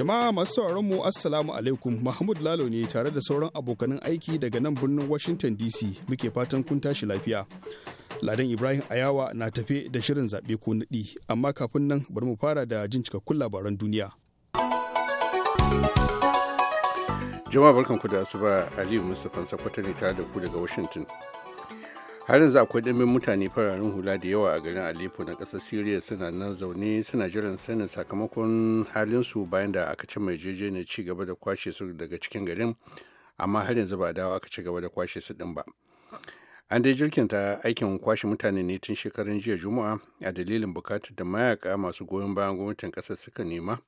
Jama'a masu sauraron mu Assalamu alaikum Mahmud Lalo ne tare da sauran abokanan aiki daga nan birnin Washington DC muke fatan kun tashi lafiya. Ladan Ibrahim Ayawa na tafe da shirin zaɓe ko naɗi amma kafin nan bari mu fara da jin cikakkun labaran duniya. Jama'a barkanku da asuba Aliyu Mustapha sakatare ne tare da ku daga Washington. har yanzu akwai ɗimbin mutane fararen hula da yawa a garin aleppo na ƙasar syria suna nan zaune suna jiran sanin sakamakon halinsu bayan da aka ci mai ne ci gaba da kwashe su daga cikin garin amma har yanzu ba dawo aka ci gaba da kwashe su ɗin ba an dai jirkinta aikin kwashe mutane ne tun shekarun jiya juma'a a dalilin bukatar da mayaka masu goyon bayan gwamnatin ƙasar suka nema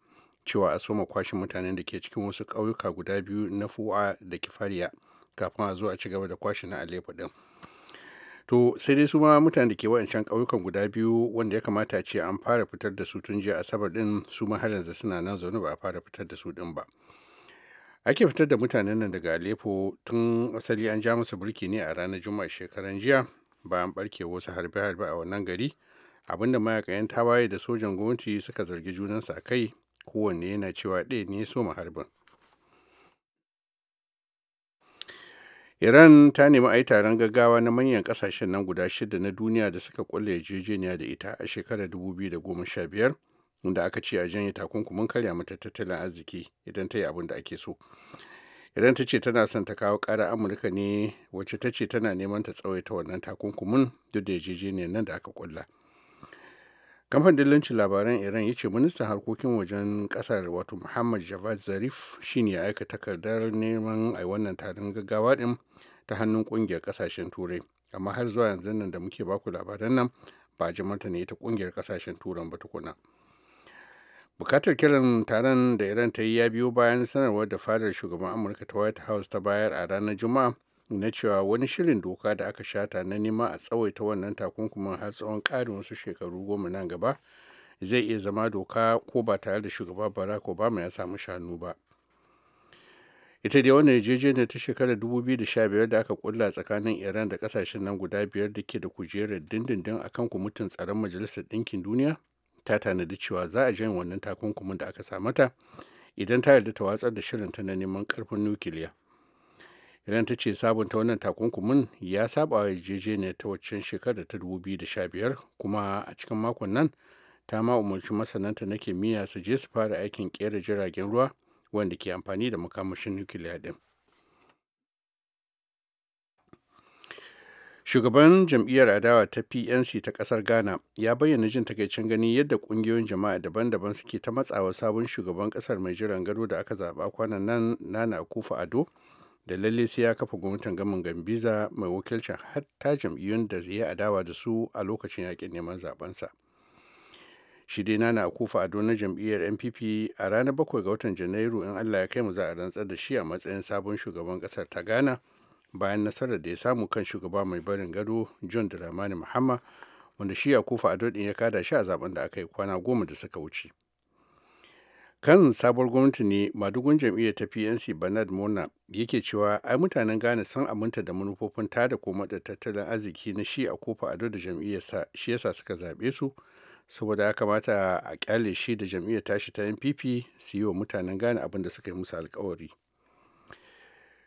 cewa a soma kwashe mutanen da ke cikin wasu ƙauyuka guda biyu na fu'a da kifariya kafin a zo a ci gaba da kwashe na aleppo ɗin to sai dai su ma mutane da ke wa'ancan ƙauyukan guda biyu wanda ya kamata ce an fara fitar da su tun jiya asabar din su ma har yanzu suna nan zaune ba a fara fitar da su din ba ake fitar da mutanen nan daga Aleppo tun asali an ja masa burki ne a ranar Juma'a shekaran jiya bayan barke wasu harbe-harbe a wannan gari abinda yan tawaye da sojan gwamnati suka zargi junansa kai kowanne yana cewa ɗaya ne so harbin. iran ta nemi a yi taron gaggawa na manyan kasashen nan guda shida na duniya da suka kulle yarjejeniya da ita a shekarar dubu biyu da goma sha biyar inda aka ce a janye takunkumin karya mata tattalin arziki idan ta yi abin da ake so iran ta ce tana son ta kawo kara amurka ne wacce ta ce tana neman ta tsawaita wannan takunkumin duk da yarjejeniyar nan da aka kulla kamfanin dillancin labaran iran ya ce ministan harkokin wajen kasar wato muhammad javad zarif shine ya aika takardar neman a wannan taron gaggawa din ta hannun kungiyar kasashen turai amma har zuwa yanzu nan da muke baku labaran nan ba a ji ne ta kungiyar kasashen turan ba tukuna bukatar kiran taron da iran ta yi ya biyo bayan sanarwar da fadar shugaban amurka ta white house ta bayar a ranar juma'a na cewa wani shirin doka da aka shata na nema a tsawaita wannan takunkumin har tsawon karin wasu shekaru goma nan gaba zai iya zama doka ko ba tare da shugaba barack obama ya samu shanu ba ita dai wannan yarjejeniyar ta shekarar 2015 da aka kulla tsakanin iran da kasashen nan guda biyar da ke da kujerar dindindin a kan kwamitin tsaron majalisar ɗinkin duniya ta tanadi cewa za a jan wannan takunkumin da aka samata idan ta yarda ta watsar da shirin ta na neman karfin nukiliya iran ta ce sabunta wannan takunkumin ya saba wa yarjejeniyar ta waccan shekarar ta 2015 kuma a cikin makon nan ta ma umarci masananta na kimiyya su je su fara aikin kera jiragen ruwa wanda ke amfani da makamashin nukiliya din shugaban jam'iyyar adawa ta pnc ta kasar ghana ya bayyana jin takaicin gani yadda kungiyoyin jama'a daban-daban suke ta matsawa sabon shugaban kasar mai jiran gado da aka zaba kwanan nan nana kufa ado da lalle sai ya kafa gwamnatin gamin gambiza mai wakilcin hatta jam'iyyun da ya adawa da su a lokacin yakin neman zabensa shi dai nana akufa ado na jam'iyyar npp a ranar bakwai ga watan janairu in allah ya kai mu za a rantsar da shi a matsayin sabon shugaban kasar ta ghana bayan nasarar da ya samu kan shugaba mai barin gado john dramani muhammad wanda shi akufa ado din ya kada shi a zaben da aka yi kwana goma da suka wuce kan sabuwar gwamnati ne madugun jam'iyyar ta pnc bernard mona yake cewa ai mutanen ghana sun aminta da manufofin tada koma da tattalin arziki na shi a kofa ado da jam'iyyarsa shi yasa suka zaɓe su saboda ya kamata a kyale shi da jam'iyyar tashi ta npp su yi wa mutanen gane abin da suka yi musu alkawari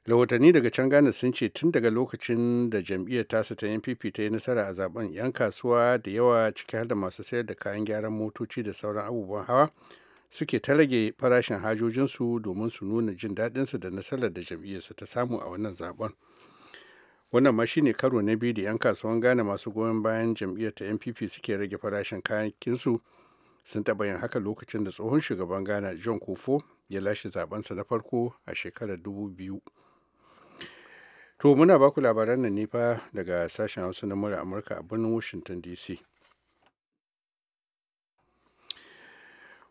rahotanni daga can ghana sun ce tun daga lokacin da jam'iyyar tasa ta npp ta yi nasara a zaben yan kasuwa da yawa ciki har da masu sayar da kayan gyaran motoci da sauran abubuwan hawa suke ta rage farashin hajojinsu domin su nuna jin daɗinsu da nasarar da jam'iyyarsu ta samu a wannan zaben wannan ma shine karo na biyu da 'yan kasuwan ghana masu goyon bayan jam'iyyar ta npp suke rage farashin kayan kayakinsu sun taba yin haka lokacin da tsohon shugaban ghana john kofo ya lashe zabensa na farko a shekarar 2000 to muna baku labaran nan ne daga sashen hausa na mura amurka a birnin washington dc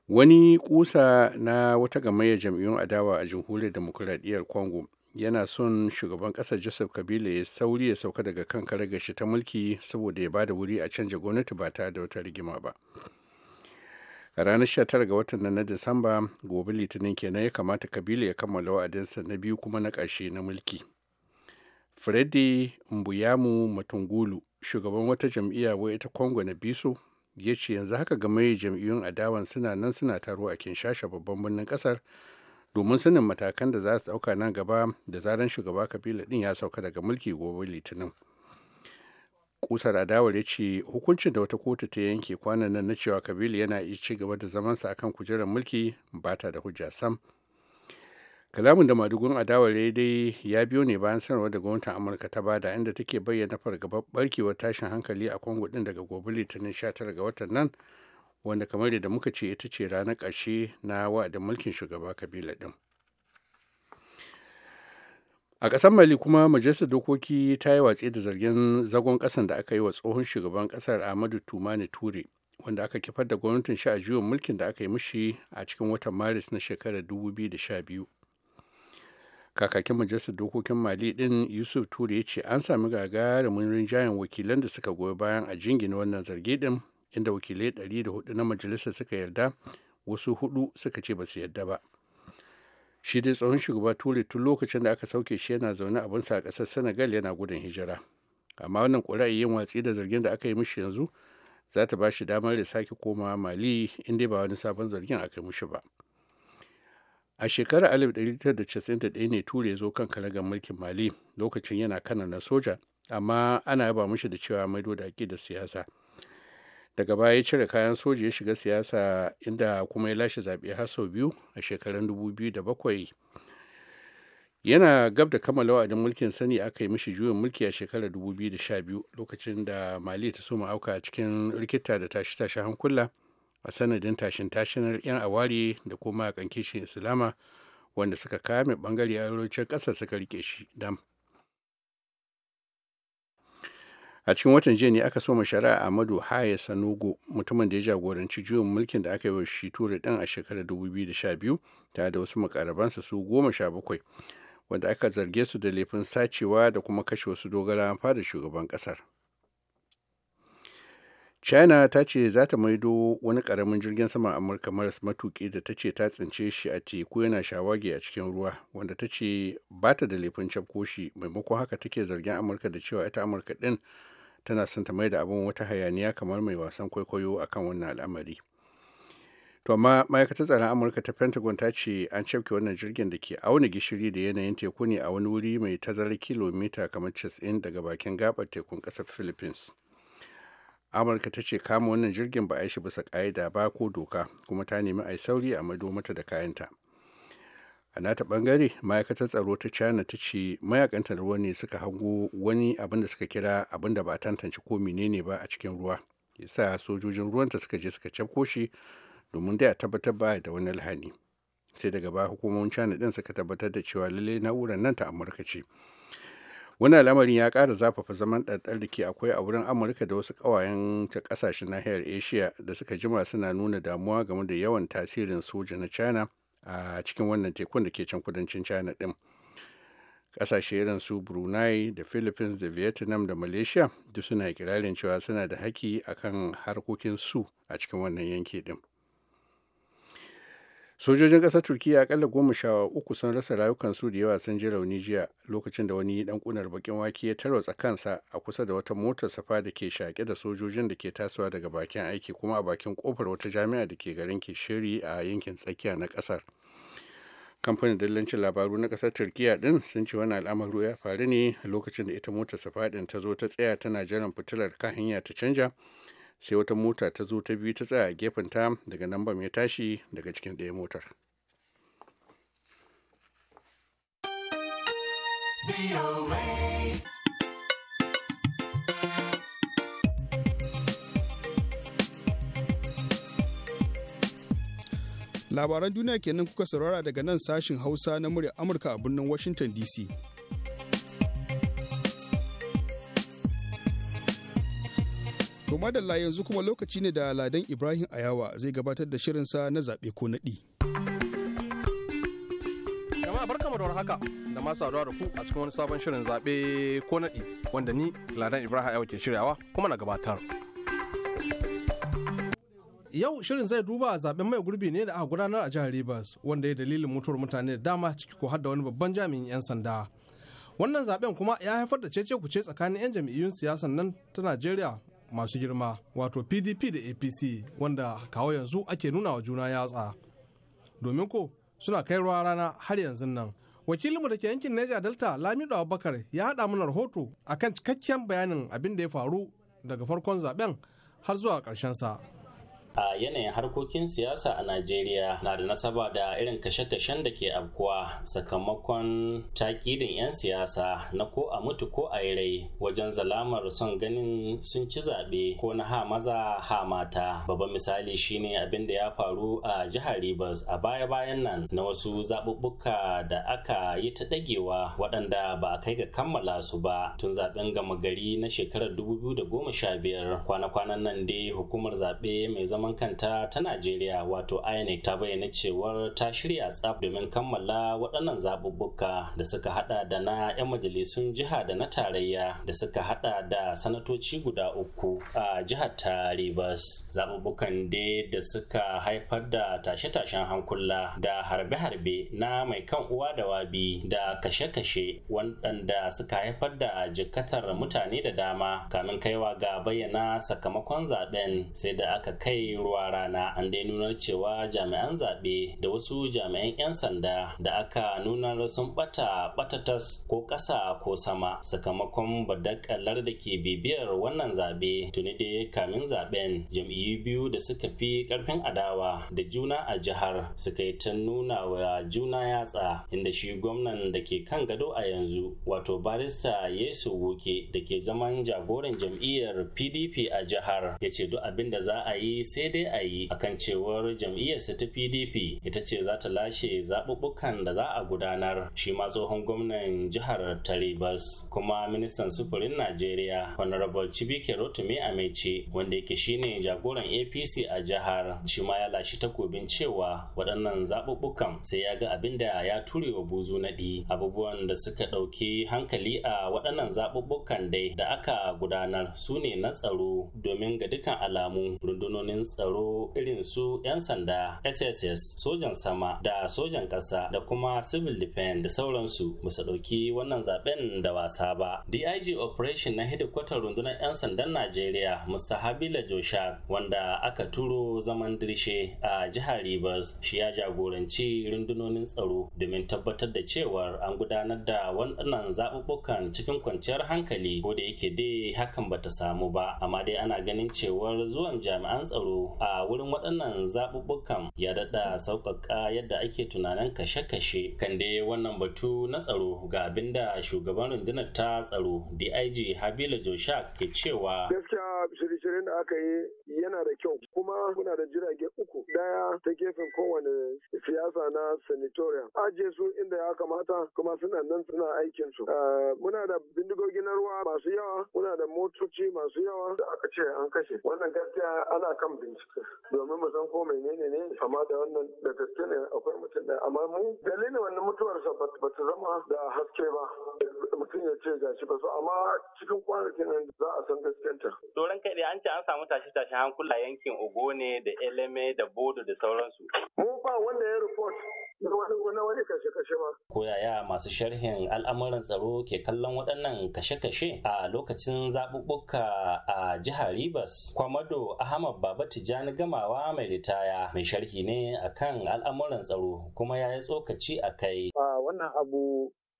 wani kusa na wata gamayyar jam'iyyun adawa a jamhuriyar demokuraɗiyyar congo yana son shugaban ƙasar joseph kabila ya sauri ya sauka daga kan karagar shi ta mulki saboda ya bada wuri a canja gwamnati ba ta da wata rigima ba a ranar 19 ga watan na disamba gobe litinin kenan ya kamata kabila ya kammala wa'adinsa na biyu kuma na ƙarshe na mulki freddy mbuyamu matungulu shugaban wata jam'iyya wai ita congo na biso ya ce yanzu haka game jam'iyyun adawan suna nan suna taro a kinshasa babban birnin ƙasar. domin sanin matakan da za su ɗauka nan gaba da zaran shugaba kabila din ya sauka daga mulki gobe litinin kusar adawar ya ce hukuncin da wata kotu ta yanke kwanan nan na cewa kabila yana iya ci gaba da zamansa akan kujerar mulki ba ta da hujja sam kalamin da madugun adawar ya dai ya biyo ne bayan sanarwar da gwamnatin amurka ta bada inda take bayyana fargabar barkewar tashin hankali a kongo din daga gobe litinin 19 ga watan nan wanda kamar yadda muka ce ita ce ranar ƙarshe na wa'adin mulkin shugaba kabila ɗin a ƙasar mali kuma majalisar dokoki ta yi watsi da zargin zagon ƙasan da aka yi wa tsohon shugaban ƙasar ahmadu tumani ture wanda aka kifar da gwamnatin shi a mulkin da aka yi mishi a cikin watan maris na shekarar da 2012 kakakin majalisar dokokin mali din yusuf ture ya ce an sami gagarumin rinjayen wakilan da suka goyi bayan a jingina wannan zargi din inda wakilai da hudu na majalisa suka yarda wasu hudu suka ce ba su yarda ba shi dai tsohon shugaba ture tun lokacin da aka sauke shi yana zaune a bansa a ƙasar senegal yana gudun hijira amma wannan ƙuri'a yin watsi da zargin da aka yi mishi yanzu za ta ba shi damar da sake koma mali in dai ba wani sabon zargin aka yi mishi ba a shekarar 1991 ne ture ya zo kan karagar mulkin mali lokacin yana kanana soja amma ana yaba mishi da cewa maido da da siyasa daga baya ya cire kayan soja ya shiga siyasa inda kuma ya lashe zaɓe har sau biyu a shekarun bakwai yana gab da kammala wa'adin mulkin sani aka yi mishi juyin mulki a shekarar da 2012 lokacin da mali ta soma auka cikin rikita da tashi-tashi hankula a sanadin tashin tashinar 'yan aware da kuma kankishin islama wanda suka kame bangare a arewacin kasa suka rike shi dam a cikin watan jiya ne aka soma shari'a amadu haya sanogo mutumin da ya jagoranci juyin mulkin da aka yi wa shi ture din a shekarar 2012 tare da wasu makarabansa su goma sha bakwai wanda aka zarge su da laifin sacewa da kuma kashe wasu dogara fada shugaban kasar china ta ce za ta maido wani karamin jirgin sama amurka maras matuki da ta ce ta tsince shi a teku yana shawage a cikin ruwa wanda ta ce ba ta da laifin cafko shi maimakon haka take zargin amurka da cewa ita amurka din tana son ta mai da abin wata hayaniya kamar mai wasan kwaikwayo akan wannan al'amari to amma ma'aikatar tsaron amurka ta pentagon ta ce an cefke wannan jirgin da ke auna gishiri da yanayin teku ne a wani wuri mai tazarar kilomita kamar 90 daga bakin gabar tekun kasar philippines amurka ta ce kama wannan jirgin ba a yi shi bisa ka'ida ba ko doka kuma ta nemi a yi sauri a mado mata da kayanta a nata bangare ma'aikatar tsaro ta china ta ce mayakanta ruwa ne suka hango wani abin da suka kira abin da ba a tantance ko menene ba a cikin ruwa yasa sojojin ruwanta suka je suka cafko shi domin dai a tabbatar ba da wani lahani sai daga ba hukumomin china din suka tabbatar da cewa lallai na'urar nan ta amurka ce wani al'amarin ya kara zafafa zaman ɗarɗar da ke akwai a wurin amurka da wasu ƙawayen ta ƙasashen nahiyar asia da suka jima suna nuna damuwa game da yawan tasirin soja na china a cikin wannan tekun da ke can kudancin china din kasashe irin su brunei da philippines da vietnam da malaysia duk suna kirarin cewa suna da haki akan harkokin su a cikin wannan yanki din sojojin ƙasar turkiya akalla goma sha uku sun rasa rayukansu da yawa sun ji rauni jiya lokacin da wani dan kunar bakin wake ya tarwatsa kansa a kusa da wata motar safa da ke shaƙe da sojojin da ke tasowa daga bakin aiki kuma a bakin kofar wata jami'a da ke garin ke shiri a yankin tsakiya na ƙasar kamfanin dillancin labaru na ƙasar turkiya din sun ce wani al'amaru ya faru ne lokacin da ita motar safa din ta zo ta tsaya tana jiran fitilar kan hanya ta canja sai wata mota ta zo ta biyu ta tsaya a gefen ta daga nan bam ya tashi daga cikin ɗaya motar labaran duniya kenan kuka saurara daga nan sashin hausa na murya amurka a birnin washington dc To madalla yanzu kuma lokaci ne da Ladan Ibrahim Ayawa zai gabatar da shirinsa na zaɓe ko naɗi. Jama'a barkamu da haka da ma saduwa da ku a cikin wani sabon shirin zaɓe ko naɗi wanda ni Ladan Ibrahim Ayawa ke shiryawa kuma na gabatar. Yau shirin zai duba zaben mai gurbi ne da aka gudanar a jihar Rivers wanda ya dalilin mutuwar mutane da dama ciki ko hadda wani babban jami'in 'yan sanda. wannan zaben kuma ya haifar da cece kuce tsakanin 'yan jam'iyyun siyasan nan ta najeriya masu girma wato pdp da apc wanda kawo yanzu ake nuna wa juna yatsa domin ko suna kai ruwa rana har yanzu nan wakilinmu da ke yankin Niger Delta Lamido Abubakar ya haɗa mana rahoto akan cikakken bayanin abin da ya faru daga farkon zaben har zuwa ƙarshensa. sa a yanayin harkokin siyasa a najeriya na da nasaba da irin kashe-kashen da ke abkuwa sakamakon takidin 'yan siyasa na ko a mutu ko a rai wajen zalamar son ganin sun ci zaɓe ko na ha maza ha mata babban misali shine abin da ya faru a jihar Ribas a baya-bayan nan na wasu zaɓuɓɓuka da aka yi ta ɗagewa waɗanda ba a kai ga kammala su ba tun zaɓen gama gari na shekarar 2015 kwana-kwanan nan dai hukumar zaɓe mai zama zaman kanta ta Najeriya wato INEC ta bayyana cewar ta shirya tsaf domin kammala waɗannan zaɓuɓɓuka da suka hada da na 'yan majalisun jiha da na tarayya da suka hada da sanatoci guda uku a jihar ta Rivers. Zaɓuɓɓukan da da suka haifar da tashe-tashen hankula da harbe-harbe na mai kan uwa da wabi da kashe-kashe waɗanda suka haifar da jikatar mutane da dama kamin kaiwa ga bayyana sakamakon zaɓen sai da aka kai jirgin ruwa rana an dai nunar cewa jami'an zaɓe da wasu jami'an 'yan sanda da aka nunar sun bata batatas ko ƙasa ko sama sakamakon badakalar da ke bibiyar wannan zaɓe tuni dai kamin zaɓen jam'iyyu biyu da suka fi ƙarfin adawa da juna a jihar suka yi ta nuna wa juna yatsa inda shi gwamnan da ke kan gado a yanzu wato barista yesu woke da ke zaman jagoran jam'iyyar pdp a jihar ya ce duk abin da za a yi sai sai dai a yi a kan cewar jam'iyyarsa ta pdp ita ce za ta lashe zaɓuɓɓukan da za a gudanar shi ma tsohon gwamnan jihar taribas kuma ministan sufurin najeriya honorable chibike rotumi amece wanda yake shine jagoran apc a jihar shi ma ya lashe takobin cewa waɗannan zaɓuɓɓukan sai ya ga abin da ya ture wa buzu ɗi. abubuwan da suka ɗauki hankali a waɗannan zaɓuɓɓukan dai da aka gudanar su ne na tsaro domin ga dukkan alamu rundunonin tsaro irin su 'yan sanda sss sojan sama da sojan ƙasa da kuma civil defense da sauransu ba su ɗauki wannan zaben da wasa ba dig operation na hedikwatar rundunar 'yan sandan najeriya mr habila joshak wanda aka turo zaman dirshe a jihar rivers shi ya jagoranci rundunonin tsaro domin tabbatar da cewar an gudanar da waɗannan zaɓuɓɓukan cikin kwanciyar hankali ko da yake dai hakan bata samu ba amma dai ana ganin cewar zuwan jami'an tsaro a wurin waɗannan zaɓuɓɓukan ya daɗa sauƙaƙa yadda ake tunanin kashe-kashe kan dai wannan batu na tsaro ga abin da shugaban rundunar ta tsaro dig habila joshak ke cewa gaskiya shirye-shiryen da aka yi yana da kyau kuma muna da jirage daya ta gefen kowane siyasa na senatorial ajiye su inda ya kamata kuma suna nan suna aikin su ah, muna da bindigogi na ruwa masu yawa muna da motoci masu yawa da aka ce an kashe wannan gaskiya ana kan bincike domin mu san ko menene ne amma da wannan da gaske ne akwai mutum da amma mu dalilin wannan mutuwarsa ba ta zama da haske ba mutum ya ce shi ba su amma cikin kwanakin nan za a san ta Doron kai an ce an samu tashe-tashen hankula yankin ne da Eleme da Bo bodo da sauransu. Mu ba wanda ya report na wani kashe-kashe ba. Ko yaya masu sharhin al'amuran tsaro ke kallon waɗannan kashe-kashe a lokacin zaɓuɓɓuka a jihar Rivers. Kwamado Ahmad Baba Tijjani Gamawa mai ritaya mai sharhi ne akan al'amuran tsaro kuma ya yi tsokaci a kai. Wannan abu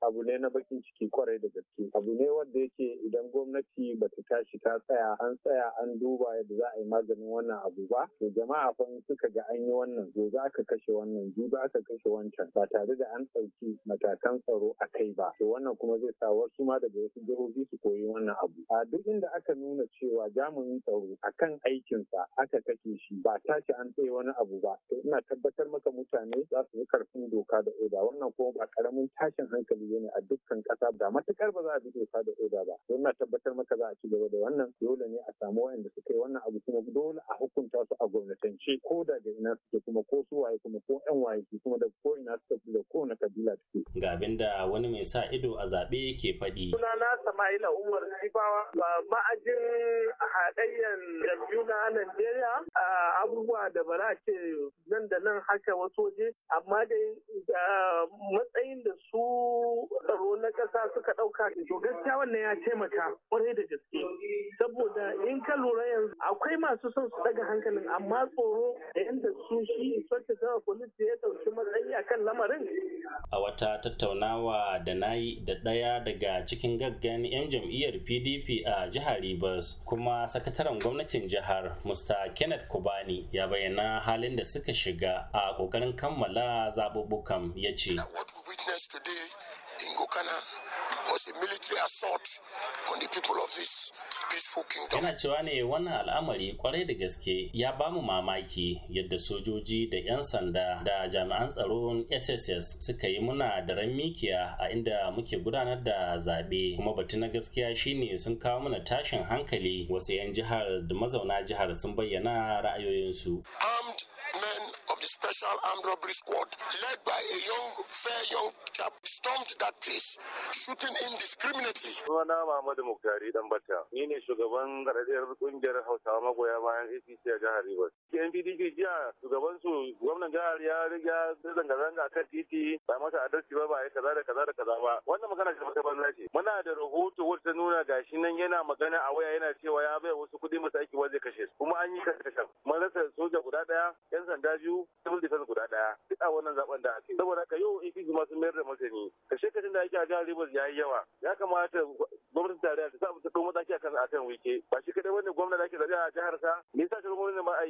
abu ne na bakin ciki kwarai da gaske abu ne wanda yake idan gwamnati ba ta tashi ta tsaya an tsaya an duba yadda za a yi maganin wannan abu ba to jama'a fa suka ga an yi wannan to za ka kashe wannan ji ba ka kashe wancan ba tare da an ɗauki matakan tsaro a kai ba to wannan kuma zai sa wasu ma daga wasu jihohi su koyi wannan abu a duk inda aka nuna cewa jami'in tsaro akan aikinsa aka kashe shi ba tashi an tsaye wani abu ba to ina tabbatar maka mutane za su yi karfin doka da oda wannan kuma ba karamin tashin hankali kalubale ne a dukkan ƙasa da matukar ba za a bi doka da oda ba don na tabbatar maka za a ci gaba da wannan dole ne a samu waɗanda suka yi wannan abu kuma dole a hukunta su a gwamnatance ko da da ina suke kuma ko su waye kuma ko ƴan waye kuma da ko ina suke da ko na kabila suke. Ga abin da wani mai sa ido a zaɓe ke faɗi. Sunana Sama'ila Umar Sifawa ba ma'ajin haɗayyan jam'iyyu na Najeriya abubuwa da ba za ce nan da nan haka wasu waje amma dai matsayin da su tsaro na ƙasa suka ɗauka to gaskiya wannan ya taimaka kwarai da gaske saboda in ka lura yanzu akwai masu son su daga hankalin amma tsoro da yadda su shi inspector general police ya ɗauki matsayi a kan lamarin. a wata tattaunawa da na yi da ɗaya daga cikin gaggan 'yan jam'iyyar pdp a jihar rivers kuma sakataren gwamnatin jihar mr kenneth kubani ya bayyana halin da suka shiga a ƙoƙarin kammala zaɓuɓɓukan ya ce. kana was military assault on the people of this peaceful kingdom. Yana cewa ne wannan al'amari kwarai da gaske ya bamu mamaki yadda sojoji da 'yan sanda da jami'an tsaron SSS suka yi muna da ran mikiya a inda muke gudanar da zaɓe kuma batu na gaskiya shine sun kawo mana tashin hankali wasu 'yan jihar da mazauna jihar sun bayyana ra'ayoyinsu. Armed men special armed robbery squad, led by a young, fair young chap, stormed that place, shooting indiscriminately. yan NPDP jiya shugaban su gwamnan jihar ya riga zanga-zanga kan titi ba masa adalci ba ba ya kaza da kaza da kaza ba wannan magana ce mata banza ce muna da rahoto wata nuna gashi nan yana magana a waya yana cewa ya bai wasu kuɗi masu aiki ba zai kashe su kuma an yi kashe mun rasa soja guda ɗaya yan sanda biyu civil defense guda ɗaya duk a wannan zaben da ake saboda ka yau APC ma masu mayar da martani kashe kashin da ake a jihar Rivers ya yi yawa ya kamata gwamnatin tarayya ta sa ta kuma mataki a kan wike ba shi kadai wani gwamnati da ake zaɓe a jihar sa me yasa shi gwamnati ba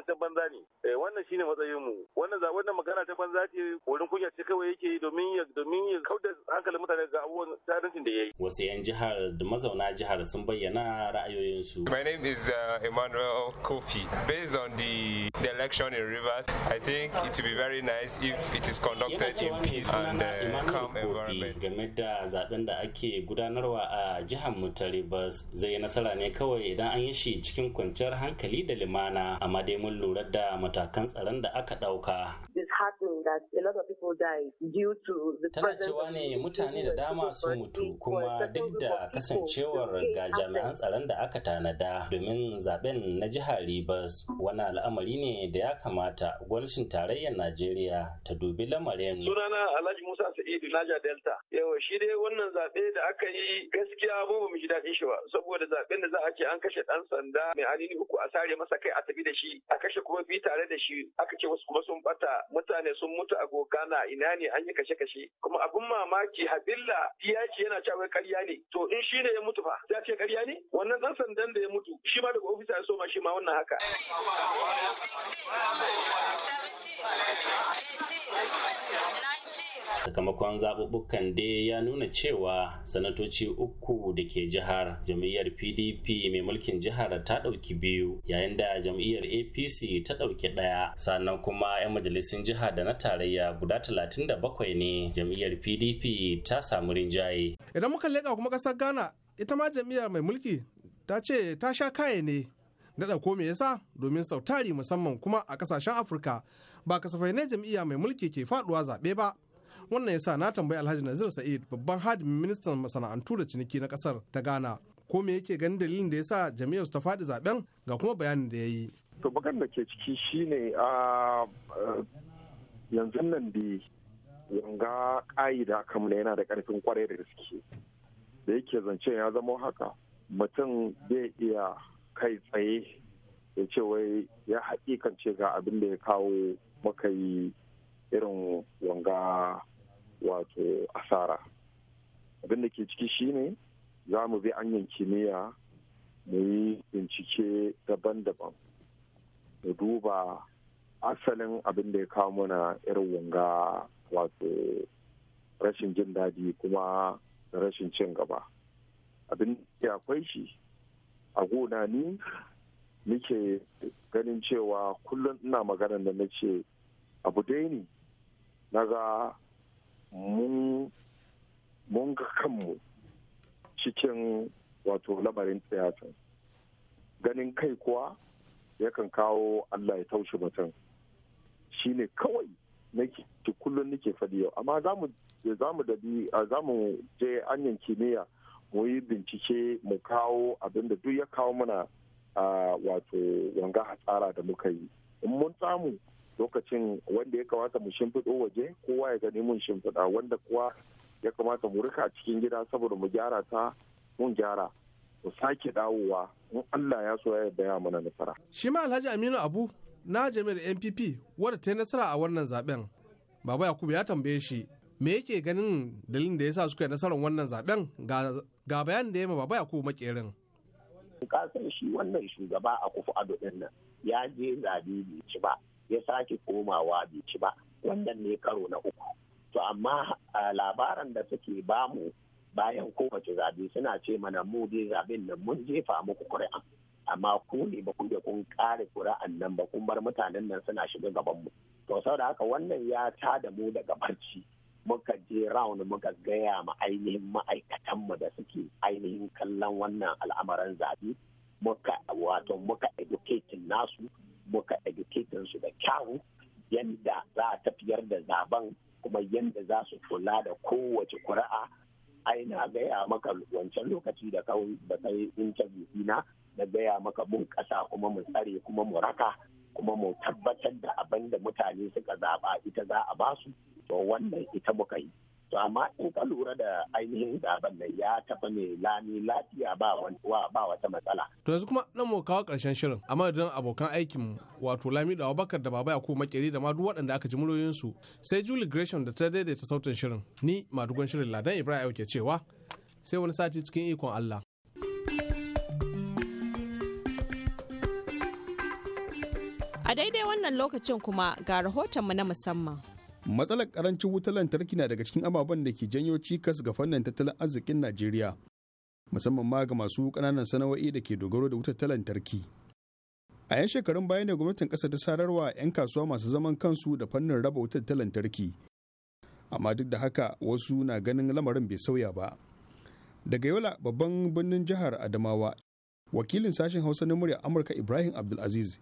wasan banza ne eh, wannan shine matsayin mu wannan wannan magana ta banza ce wurin kunya ce kawai yake domin ya domin ya kauda hankalin mutane ga abubuwan tarihin da ya yi. Wasu 'yan jihar da mazauna jihar sun bayyana ra'ayoyinsu. My name is uh, Emmanuel Kofi. Based on the, the election in Rivers, I think it would be very nice if it is conducted in peace and uh, calm environment. Game da zaben da ake gudanarwa a jihar mu ta Rivers zai nasara ne kawai idan an yi shi cikin kwanciyar hankali da limana amma dai mun lura da matakan tsaron da aka ɗauka. Tana cewa ne mutane da dama sun mutu mutu kuma duk da kasancewar ga jami'an tsaron da aka tanada domin zaben na jihar Ribas wani al'amari ne da ya kamata gwamnatin tarayyar Najeriya ta dubi lamarin. Sunana Alhaji Musa Sa'idu Naja Delta. Yawa shi dai wannan zaɓe da aka yi gaskiya mu ba mu ji daɗin shi ba saboda zaɓen da za a ce an kashe ɗan sanda mai hanini uku a sare masa kai a tafi da shi a kashe kuma bi tare da shi aka ce wasu kuma sun bata mutane sun mutu a gogana ina ne an yi kashe-kashe kuma abin mamaki habilla ya yana cewa ƙarya ne to in shi ne ya mutu fa ya ce ƙarya ne wannan ɗan sandan da ya mutu shi ma daga ofisa ya soma shi ma wannan haka. Seventeen, eighteen, sakamakon zaɓuɓɓukan dai ya nuna cewa sanatoci uku da ke jihar jam'iyyar pdp mai mulkin jihar ta ɗauki biyu yayin da jam'iyyar apc ta ɗauki ɗaya sannan kuma 'yan majalisun jiha da na tarayya guda 37 ne jam'iyyar pdp ta samu rinjaye idan muka leƙa kuma ƙasar ghana ita ma jam'iyyar mai mulki ta ce ta sha kaye ne daɗa ko me yasa domin sautari musamman kuma a ƙasashen afirka ba kasafai ne jam'iyya mai mulki ke faɗuwa zaɓe ba wannan yasa na tambayi alhaji nazir sa'id babban hadimin ministan masana'antu da ciniki na kasar ta ghana ko me yake ganin dalilin da yasa jami'ar ta faɗi zaben ga kuma bayanin da ya yi to bakan da ke ciki shine a yanzu nan da yanga ƙa'ida kamar yana da karfin kwarai da gaske da yake zance ya zama haka mutum zai iya kai tsaye ya ce wai ya haƙiƙance ga abin da ya kawo maka yi irin wanga wato asara abinda ke ciki shine za mu bi anyan kimiyya mu yi bincike daban-daban mu duba asalin abin da ya kawo mana irin wanga wato rashin jin daɗi kuma da rashin cin gaba abin da akwai shi a gona ni nike ganin cewa kullum ina magana da na ce abu dai ne na ga mu mun ga kanmu cikin wato labarin siyasa ganin kai kuwa yakan kawo allah ya taushe mutum ne kawai nake kullum nake faɗi yau amma za mu za mu je anyan kimiyya mu yi bincike mu kawo abinda duk ya kawo mana wato wanga hatsara da muka yi in mun samu lokacin wanda ya kamata mu shimfiɗo waje kowa ya gani mun shimfiɗa wanda kuwa ya kamata mu rika cikin gida saboda mu gyara ta mun gyara mu sake dawowa in Allah ya so ya yarda ya mana nasara. Shi ma Alhaji Aminu Abu na jami'ar NPP wadda ta yi nasara a wannan zaben. Baba Yakubu ya tambaye shi me yake ganin dalilin da yasa suka yi nasarar wannan zaben ga bayan da ya ma Baba Yakubu makerin. Kasan shi wannan shugaba a kufu ado din nan ya je zabe bai ci ba ya sake komawa bai ci ba wannan ne karo na uku to amma labaran da suke bamu bayan kowace zabe suna ce mana mu dai zaben nan mun jefa muku kuri'a amma ku ne ba ku kun kare kuri'an nan ba kun bar mutanen nan suna shiga gaban mu to saboda haka wannan ya ta da mu daga barci muka je round muka gaya ma ainihin ma'aikatan mu da suke ainihin kallon wannan al'amarin zabe muka wato muka educate nasu muka educating su da kyawu yadda za a tafiyar da zaben kuma yadda za su kula da kowace kura'a. ai na gaya maka wancan lokaci da kawai da kai interview dina na gaya maka mun kasa kuma mu tsare kuma mu raka kuma mu tabbatar da abinda mutane suka zaba ita za a basu to wannan ita muka yi to amma in ka lura da ainihin zaben nan ya tafi mai lami lafiya ba ba wata matsala to yanzu kuma nan mu kawo karshen shirin amma idan abokan aikin wato lami da abubakar da baba ko makeri da ma duk waɗanda aka ji muloyin su sai julie gresham da ta daidaita sautin shirin ni madugon shirin ladan ibrahim ke cewa sai wani sati cikin ikon allah A daidai wannan lokacin kuma ga rahoton rahotonmu na musamman. matsalar karancin wutar lantarki na daga cikin ababen da ke janyo cikas ga fannin tattalin arzikin najeriya musamman ma ga masu kananan sana'o'i da ke dogaro da wutar ta lantarki a 'yan shekarun baya ne gwamnatin ƙasa ta sararwa 'yan kasuwa masu zaman kansu da fannin raba wutar ta lantarki amma duk da haka wasu na ganin lamarin bai sauya ba daga yola babban birnin jihar adamawa wakilin sashen hausa na murya amurka ibrahim abdulaziz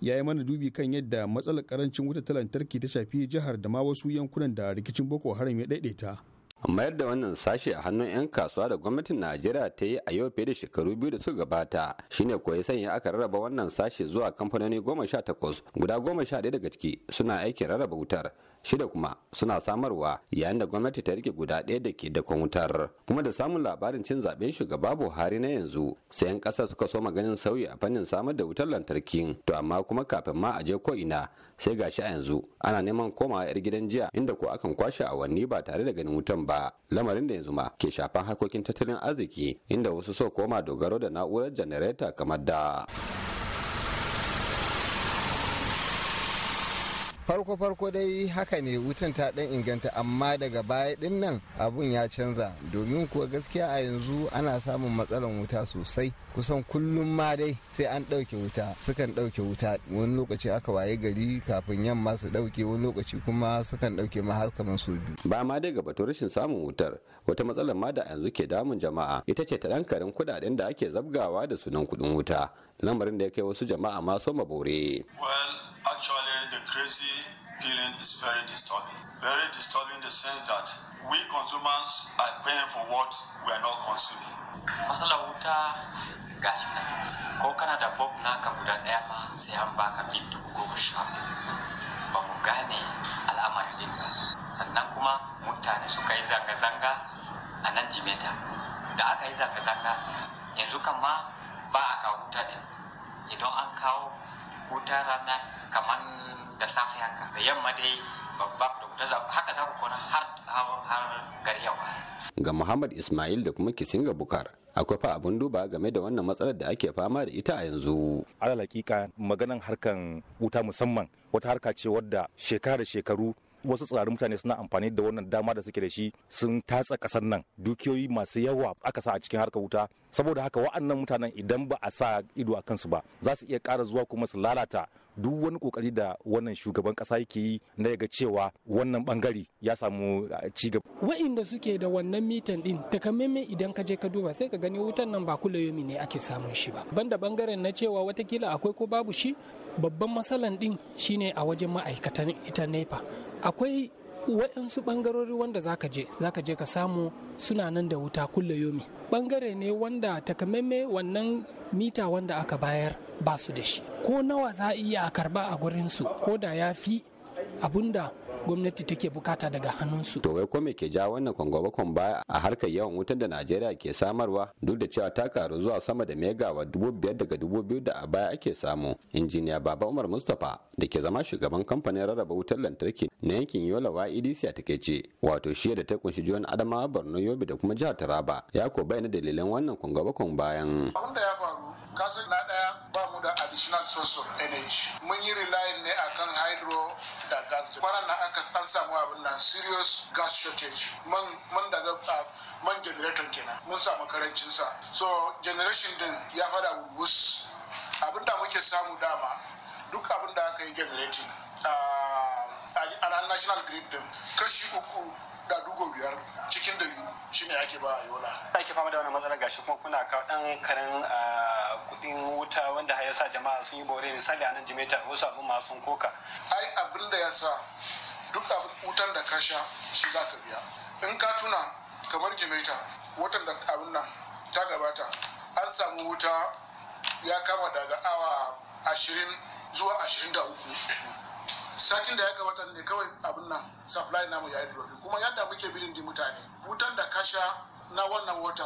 ya yi mana dubi kan yadda matsalar karancin wutar lantarki ta shafi jihar da ma wasu yankunan da rikicin boko haram ya daidaita Mayar da wannan sashe a hannun 'yan kasuwa da gwamnatin najeriya ta yi a yau fiye da shekaru biyu da suka gabata shine koyi sanya aka rarraba wannan sashe zuwa kamfanoni goma sha takwas guda goma sha ɗaya daga ciki suna aikin rarraba wutar shida kuma suna samarwa yayin da gwamnati ta rike guda ɗaya da ke dakon wutar kuma da samun labarin cin zaben shugaba buhari na yanzu sai 'yan ƙasa suka so maganin sauyi a fannin samar da wutar lantarki to amma kuma kafin ma a je ko ina sai gashi a yanzu ana neman komawa yar gidan jiya inda ko akan kwashe awanni ba tare da ganin wutan ba lamarin da yanzu ma ke shafan harkokin tattalin arziki inda wasu so koma dogaro da na'urar janareta kamar da farko farko dai haka ne wutan ta dan inganta amma daga baya din nan abun ya canza domin kuwa gaskiya a yanzu ana samun matsalan wuta sosai kusan kullum ma dai sai an ɗauke wuta sukan dauke wuta wani lokaci aka waye gari kafin yamma su ɗauke wani lokaci kuma sukan ɗauke ma har kamar su biyu ba ma dai gaba rashin samun wutar wata matsalar ma da yanzu ke damun jama'a ita ce ta ɗankarin kuɗaɗen da ake zabgawa da sunan kuɗin wuta lamarin da ya kai wasu jama'a ma soma bore. conspiracy dealing is very disturbing. Very disturbing in the sense that we consumers are paying for what we are not consuming. Matsalar wuta gashi ko kana da bob naka guda ɗaya ma sai an baka dubu goma sha ba mu gane al'amarin ba sannan kuma mutane suka yi zanga-zanga a nan jimeta da aka yi zanga-zanga yanzu kan ma ba a kawo din idan an kawo wuta rana kamar da safe haka da yamma dai da haka za ku kona har gari yau ga muhammad ismail da kuma kisinga bukar akwai fa abin duba game da wannan matsalar da ake fama da ita a yanzu alal hakika maganan harkan wuta musamman wata harka ce wadda shekara shekaru wasu tsirarin mutane suna amfani da wannan dama da suke da shi sun tatsa kasar nan dukiyoyi masu yawa aka sa a cikin harkar wuta saboda haka wa'annan mutanen idan ba a sa ido a kansu ba za su iya kara zuwa kuma su lalata duk wani kokari da wannan shugaban kasa yake yi na yaga cewa wannan bangare ya samu ci gaba. Wa'inda suke da wannan mitan din takamaiman idan ka je ka duba sai ka gani wutan nan ba kula yomi ne ake samun shi ba. Banda bangaren na cewa watakila akwai ko babu shi babban matsalan din shine a wajen ma'aikatan ita nepa. akwai waɗansu ɓangarori wanda zaka je zaka je ka samu suna nan da wuta kulle yomi ɓangare ne wanda takamaimai wannan mita wanda aka bayar ba su da shi ko nawa za a iya a karba a gurinsu ko da ya fi abinda gwamnati take bukata daga hannunsu. To wai ko ke ja wannan bakon baya a harkar yawan wutar da Najeriya ke samarwa duk da cewa ta karu zuwa sama da megawa dubu biyar daga dubu biyu da a baya ake samu. Injiniya Baba Umar Mustapha da ke zama shugaban kamfanin rarraba wutar lantarki na yankin Yolawa EDC a takaice wato shi da ta kunshi jihohin Adamawa Borno Yobe da kuma jihar Taraba ya ko bayyana dalilan wannan bakon bayan. Abin da ya faru kasan additional source of energy mun yi rely ne a kan hydro da gas kwanan na aka an samu abin nan serious gas shortage man man daga man generator kenan mun samu karancin sa so generation din ya fada wus abin da muke samu dama duk abin da aka yi generating a national grid din kashi uku ga dugo biyar cikin dari shine ake ba yola ake fama da wani matsalar gashi kuma kuna kawo dan karen ah, kudin wuta wanda ya sa jama'a sun yi bore misali a nan jimeta wasu abin masu koka ai abin da ya sa duk wutan da ka sha shi za ka biya in ka tuna kamar jimeta watan da abin nan ta gabata an samu wuta ya kama daga awa ashirin zuwa ashirin da uku satin da ya gabata ne kawai abin nan supply namu ya yi dropping kuma yadda muke bilin di mutane wutan da kasha na wannan wata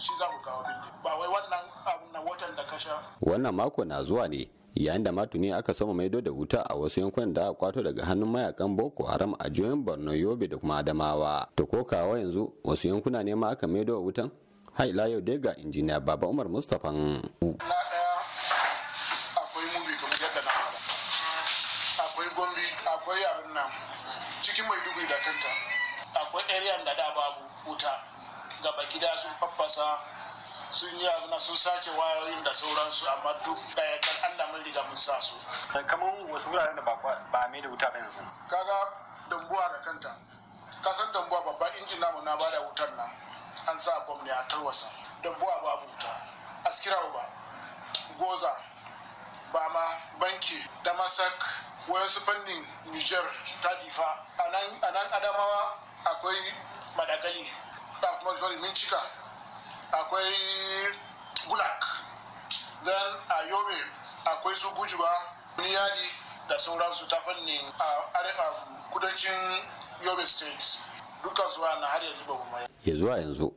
shi za mu kawo bilin ba wai wannan abin na watan da kasha wannan mako na zuwa ne yayin da matuni aka soma maido da wuta a wasu yankunan da aka kwato daga hannun mayakan boko haram a jihohin borno yobe da kuma adamawa to ko kawo yanzu wasu yankuna ne ma aka maido wutan har ila yau dai ga injiniya baba umar mustapha gaba gida sun faffasa sun yi abuna sun sace wayoyin da sauransu amma duk da kan Allah mun riga mun sa su kamar wasu wuraren da ba mai da wuta ba yanzu kaga dambuwa da kanta kasan dambuwa babban injin namu na bada wutar nan an sa bom ne a tarwasa dambuwa ba wuta askira ba goza ba ma banki damasak wayansu fannin niger ta difa a nan adamawa akwai madagali da kuma sorry minchika akwai gulak then a yobe akwai su gujuba niyadi da sauransu ta fanni a kudancin yobe state dukkan zuwa na har yanzu ba ya zuwa yanzu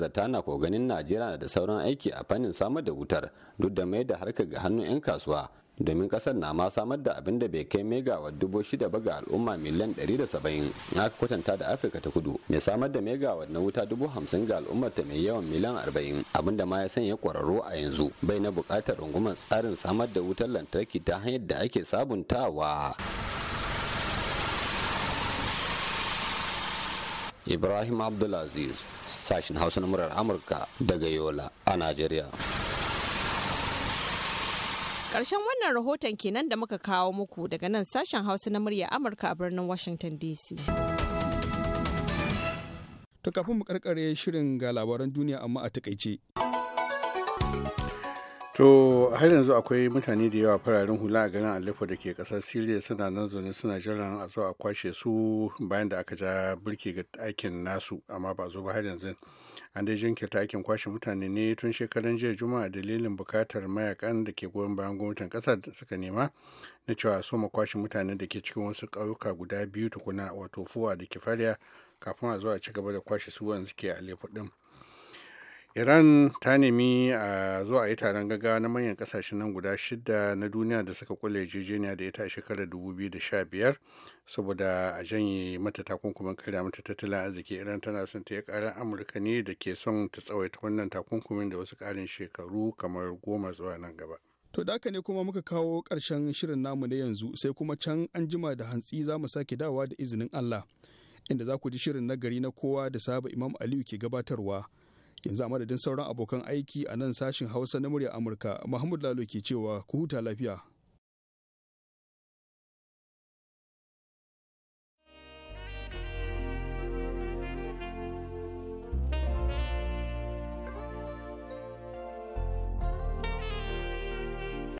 zata na ko ganin najeriya na da sauran aiki a fannin samar da wutar duk da mai da harka ga hannun 'yan kasuwa domin kasar na ma samar da abin da bai kai megawatt dubu shida ba ga al'umma miliyan 170 na kwatanta da afirka ta kudu mai samar da megawatt na wuta dubu hamsin ga al'ummar ta mai yawan miliyan arba'in abin da ma ya sanya kwararru a yanzu bai na bukatar rungumar tsarin samar da wutar lantarki ta hanyar da ake sabuntawa ibrahim abdulaziz sashin hausa na murar amurka daga yola a najeriya karshen wannan rahoton kenan da muka kawo muku daga nan sashen Hausa na murya Amurka a birnin Washington DC. To kafin mu karkare shirin ga labaran duniya amma a takaice. To har yanzu akwai mutane da yawa fararen hula a garin Aleppo da ke kasar syria suna nan zaune suna jiran a zo a kwashe su bayan da aka ja birki ga aikin nasu amma ba zo ba har yanzu. an dai jinkirta aikin kwashe mutane ne tun shekaran jiya juma'a dalilin bukatar mayakan da ke goyon bayan gwamnatin kasar suka nema na cewa so ma kwashe mutane da ke cikin wasu ƙauyuka guda biyu tukuna wato fuwa da fariya kafin a zo a ci gaba da kwashe su wanzu suke a lefu ɗin iran ta nemi a zuwa a yi taron gaga na manyan kasashen nan guda shida na duniya da suka kulle yarjejeniya da ita a shekarar 2015 saboda a janye mata takunkumin karya mata tattalin arziki iran tana son ta yi karar amurka ne da ke son ta tsawaita wannan takunkumin da wasu karin shekaru kamar goma zuwa nan gaba To da ne kuma muka kawo karshen shirin namu na yanzu sai kuma can an jima da hantsi za mu sake dawa da izinin Allah inda za ku ji shirin nagari na kowa da saba Imam Aliyu ke gabatarwa. yanzu a madadin sauran abokan aiki a nan sashin hausa na murya amurka mahmud lalo ke cewa ku huta lafiya